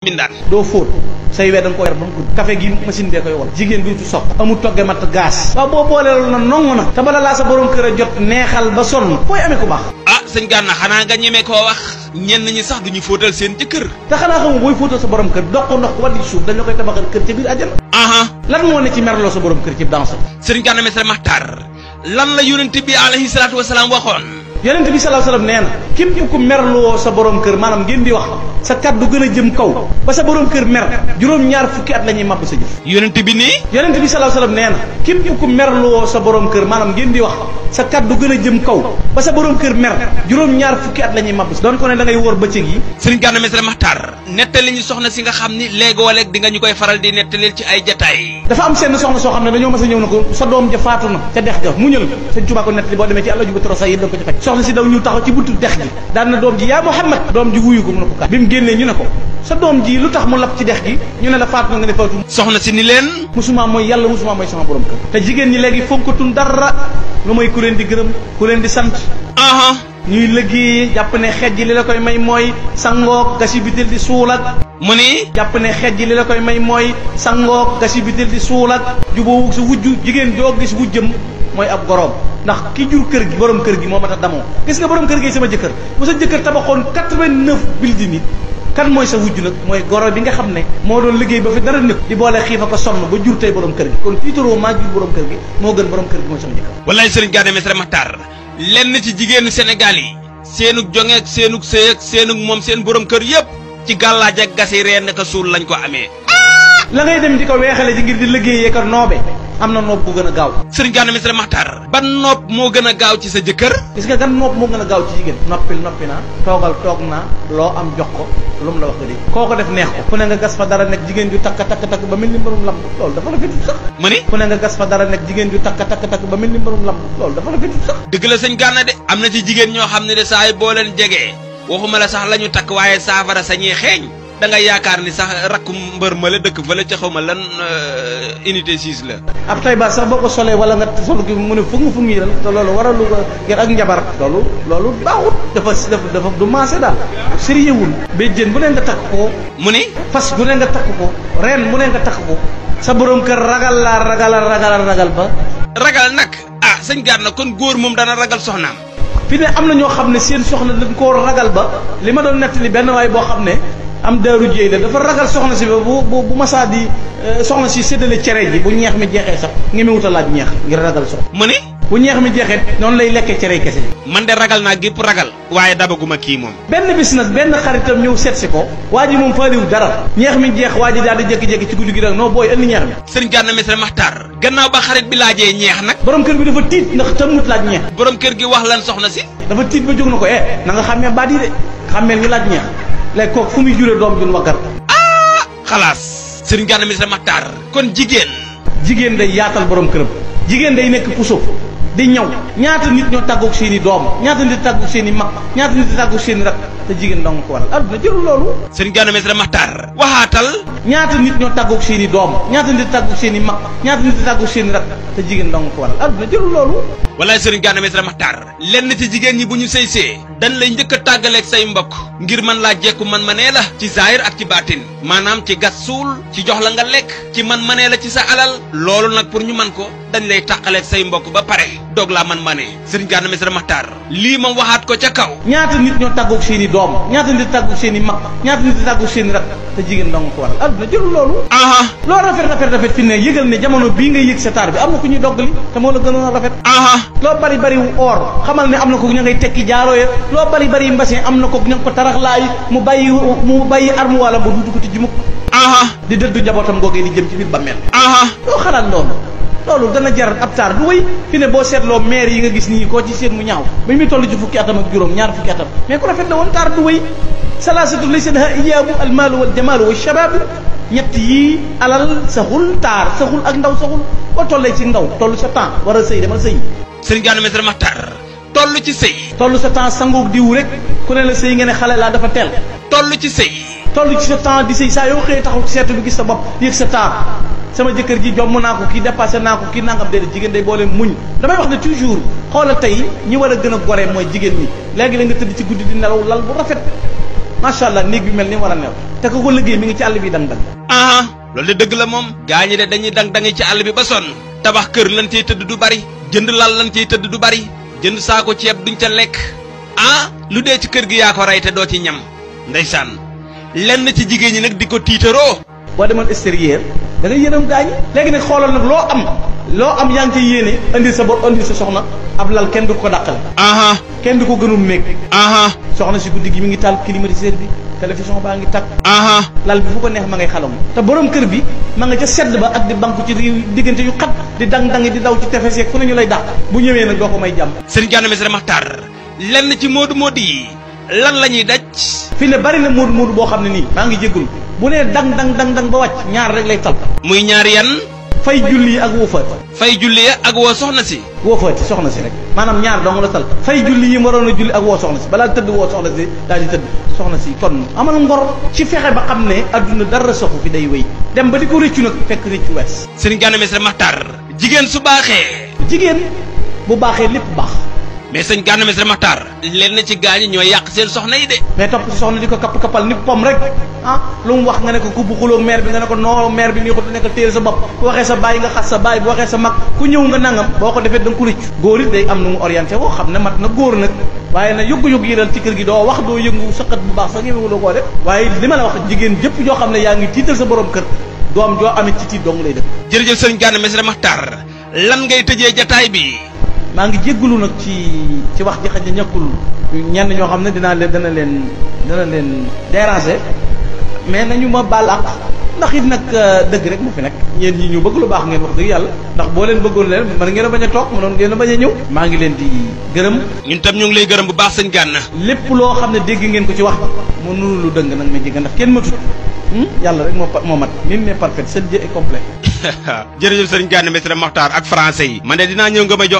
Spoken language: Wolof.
mbindaan doo fóot say we da nga ko yar ba mu gudd café gi machine bee koy wal jigéen bi ci sox amul togge matt gaas waaw boo boolee loolu na nong na te bala laa sa borom kër a jot neexal ba sonn booy amee ku baax ah sëñ Gana xanaa nga ñemee koo wax ñenn ñi sax duñu fóotal seen jëkkër te xanaa xamu booy fóotal sa borom kër dox ko ndox ko waddi ci suuf dañ koy tabaxal kër ca biir àjjana lan moo ne ci merloo sa borom kër ci danse sëñ Gana Messere Maxtar yonent bi sallallahu alayhi wasallam nee na képp ku merluwoo sa borom kër maanaam ngeen di wax sa kàddu gën a jëm kaw ba sa borom kër mer juróom-ñaar fukki at la màbb sa na képp ku merluwoo sa borom kër maanaam a jëm kaw ba sa borom kër mer juróom-ñaar fukki at la doon ko ne da ngay wóor bëccëg yi. sëriñ Gana Messere Makhtar nettali ñu soxna si nga xam ni léegoo léeg di nga ñu koy faral di nettalil ci ay jataay. dafa am seen soxna soo xam ne dañoo mas a ñëw na ko sa doom ja na ca dex ga muñal sëñ Tuubaa ko nettali boo demee ci àll ju ba soxna si daw ñu taxaw ci buntu dex gi daan na doom ji yaa Muhammad doom ji wuyu ko mu ne ko kat bi mu génnee ñu ne ko sa doom ji lu tax mu lap ci dex gi ñu ne la faatu na nga ne faatu soxna si ni leen musuma mooy yàlla musuma mooy sama borom kër te jigéen ñi léegi fonkatun dara lu mooy ku leen di gërëm ku leen di sant aha ñuy liggéey jàpp ne xej ji li la koy may mooy sangoog gasi bitil di suul ak mu ni jàpp ne xej ji li la koy may mooy sangoog gasi bitil di suul ak jubóowu sa wujj jigéen joo gis wujjëm mooy ab goroom ndax ki jur kër gi borom kër gi moo mat a damoo gis nga borom kër gi sama jëkkër bu sa jëkkër tabaxoon quatre-vingt-neuf building yi kan mooy sa wujj nag mooy goro bi nga xam ne moo doon liggéey ba fi dara nekk di boole xiifa ko sonn ba jur tey borom kër gi kon tiitaroo maa jur borom kër gi moo gën borom kër gi mooy sama jëkkër wallaay sëriñ Gana Messere Makhtar lenn ci jigéenu Sénégal yi seenug jongeeg seenug sëyeg seenug moom seen borom kër yépp ci gàllaaj ak gasi reen naka suul lañ ko amee ah! la ngay dem di ko weexale ci ngir di liggéeyee ko noobe am na nopp bu gën a gaaw sëriñ Gana Messere Maxtaar ba nopp moo gën a gaaw ci sa jëkkër gis nga gan nopp moo gën a gaaw ci jigéen noppil noppi naa toogal toog naa loo am jox ko lu mu la wax ko dégg koo ko def neex ko ku ne nga gas fa dara nekk jigéen ju takk takk takk ba mel ni mbarum lamb loolu dafa la fi sax ma ni ku ne nga gas dara nekk jigéen ju takk takk takk ba mel ni mbarum lamb loolu dafa la fi dëgg la sëñ Gana de am na ci jigéen ñoo xam ne de saa yi boo leen jegee waxuma la sax la ñu takk waaye saafara sañuy xeeñ da ngay yaakaar ni sax rakku mbër ma la dëkk fa la ca xaw ma lan euh, unité 6 la. ab tay baa sax boo ko solee wala nga sol gi mu ne fu mu fu mu yëral te loolu waralu nga ngir ak njabar. loolu loolu baaxut dafa dafa du maase daal. sérieux wul. béjjén bu ne nga takk ko. mu ni fas bu ne nga takk ko. reen mu ne nga takk ko. sa boroom kër ragal laa ragal ragal ragal ba. ragal nag ah sëñ gaar na kon góor moom dana ragal soxnaam. fi ne am na ñoo xam ne seen soxna dañ koo ragal ba li ma doon nettali benn waay boo xam ne am daaru jéy la dafa ragal soxna si ba bu bu bu masaa di eh, soxna si séddale cere ji bu ñeex mi jeexee sax ngi mu wutalaat ñeex ngir ragal soxna. ma ne. bu ñeex mi jeexee noonu lay lekkee cere kese ji. man de ragal naa gépp ragal. waaye dabaguma kii moom. benn bis nag benn xaritam ñëw seet si ko. waa ji moom faaliwu dara. ñeex mi jeex waa ji daal di jékki ci guddi gi nag noo booy indi ñeex mi. sëñ Gana Messere Maxtaar. gannaaw ba xarit bi laajee ñeex nag. borom kër bi dafa tiit ndax laaj ñeex. borom kër gi wax lan soxna si. dafa tiit ba jóg na ko eh na nga xàmmee baat yi de xàmmeel léegi kooku fu muy juree doom jun waggar ko ah xalaas sëriñ Gana Messere Makhtar kon jigéen jigéen day yaatal borom këram jigéen day nekk puso di ñaw ñaata nit ñoo tàggoog seen i doom ñaata nit tàggoog seen i mag ñaata nit tàggoog seen i te jigéen dong ko waral adduna jërul loolu sëñ Gana Messere Maxtaar waxaatal ñaata nit ñoo tàggoog seen i doom ñaata nit tàggoog seen i mag ñaata nit tàggoog seen i rak te jigéen dong ko waral adduna jërul loolu walaay sëriñ Gana Messere Maxtaar lenn ci jigéen ñi bu ñu sëy see dañ lay njëkk a say mbokk ngir man laa jekku man manee la ci zaahir ak ci baatin maanaam ci gas suul ci jox la nga lekk ci man manee la ci sa alal loolu nag pour ñu man ko dañu lay tàqaleeg say mbokk ba pare doog laa man mane sëriñ Gana Messere Maxtaar lii ma waxaat ko ca kaw ñaata nit ñoo tàggoog seen i doom ñaata nit tàggoog seen i mag ñaata nit tàggoog seen i rak te jigéen dong ko waral adduna jëlul loolu aha loolu rafet rafet rafet fi ne yëgal ne jamono bii nga yëg sa taar bi am na ku ñuy doggali te moo la gënoon a rafet aha loo bari bari wu or xamal ne am na ko ña ngay tekki jaaroo ya loo bari bari mbasin am na ko ña ngi ko tarax laay mu bàyyi mu bàyyi armu wala mu duudu ko ti ji mukk aha di dëddu njabootam googee di jëm ci biir bammeel aha loo xalaat loolu dana jar ab taar du wéy fi ne boo seetloo maire yi nga gis nii koo ci seen mu ñaaw ba muy toll ci fukki atam ak juróom ñaar fukki atam mais ku rafet la woon taar du wéy salaasatu laysa laha iyaabu almaalu wal jamaalu wa shabaab ñett yii alal saxul taar saxul ak ndaw saxul boo tollee ci ndaw toll sa temps war a sëy demal sëy sëriñ Gana Messere Maxtaar toll ci sëy toll sa temps sangoog diw rek ku ne la sëy nga ne xale laa dafa teel toll ci sëy toll ci sa temps di sëy saa yoo xëyee taxaw ci seetu bi gis sa bopp yëg sa taar sama jëkkër ji jomm naa ko kii dépassé naa ko kii nangam déedéet jigéen day boole muñ damay wax ne toujours xoolal tey ñi war a gën a gore mooy jigéen ñi léegi la nga tëdd ci guddi di nelaw lal bu rafet macha allah néeg bi mel ni war a neew te ko ko liggéey mi ngi ci àll bi dang-dang ah loolu de dëgg la moom gaa ñi de dañuy dang-dangi ci àll bi ba sonn tabax kër lan cey tëdd du bari jënd lal lan cey tëdd du bari jënd saako ceeb duñ ca lekk ah lu dee ci kër gi yaa doo ci ñam ndeysaan lenn ci jigéen ñi nag di ko tiitaroo boo demoon extérieur da ngay yërëm gaañi léegi nag xoolal nag loo am loo am yaa ngi koy yéene indi sa bor indi sa soxna ab lal kenn du ko dàqal aha kenn du ko gënul nekk aha soxna si guddi gi mi ngi taal climatiseur bi télévision baa ngi takk aha lal bi fu ko neex ma ngay xalam te borom kër bi ma nga ca sedd ba ak di banku ci diggante yu xat di dang-dangi di daw ci tefes yeeg fu ne ñu lay dàq bu ñëwee nag doo ko may jàmm sëriñ Gana Messere Maxtar lenn ci moodu moodi yi lan la ñuy daj fi ne bari na muudu muudu boo xam ne nii maa ngi jéggul bu nee dang dang dang dang ba wàcc ñaar rek lay tal muy ñaar yan fay julli yi ak woofaati fay julli ak woo soxna si woofaati soxna si rek maanaam ñaar dong la tal fay julli yi waroon a julli ak woo soxna si balaa tëdd woo soxna si daal di tëdd soxna si kon amal ngor ci fexe ba xam ne adduna dara soxu fi day wéy dem ba di ko rëccu nag fekk rëccu wees sëriñ Gana Messere Maxtar jigéen su baaxee jigéen bu baaxee lépp baax mais sëñ Gana Messere leen lenn ci gaañi ñooy yàq seen soxna yi de mais topp soxna di ko kapp kappal ni pom rek ah lu mu wax nga ne ko gubb xuloo maire bi nga ne ko noo maire bi nii xut nekk téel sa bopp bu waxee sa bàyyi nga xas sa bàyyi bu waxee sa mag ku ñëw nga nangam boo ko defee da nga ko góor it day am na mu orienté woo xam ne mat na góor nag waaye nag yëggu-yëgg yi ci kër gi doo wax doo yëngu saqat bu baax sax ñemewuloo koo def waaye li ma la wax jigéen jëpp joo xam ne yaa ngi tiital sa borom kër doom joo amit ci tiit dong lay def jërëjëf sëñ Gana Messere Maxtaar lan ngay tëjee jataay bi maa ngi jéggulu nag ci ci wax ji xaj na ñàkkul na ñoo xam ne dinaa leen dana leen dana leen déranger mais nañu ma baal ak ndax it nag euh, dëgg rek mu fi nag ñeen ñi ñu bëgg lu baax ngeen wax dëgg yàlla ndax boo leen bëggoon leen mën ngeen a bañ a toog mënoon ngeen a bañ a ñëw maa ngi leen di gërëm ñun tam ñu ngi lay gërëm bu baax sëñ Gana lépp loo xam ne dégg ngeen ko ci wax mu nunu lu dëng nag ma jégg ndax kenn matut hmm? yàlla rek moo moo mat nit ne parfait seen jë est complet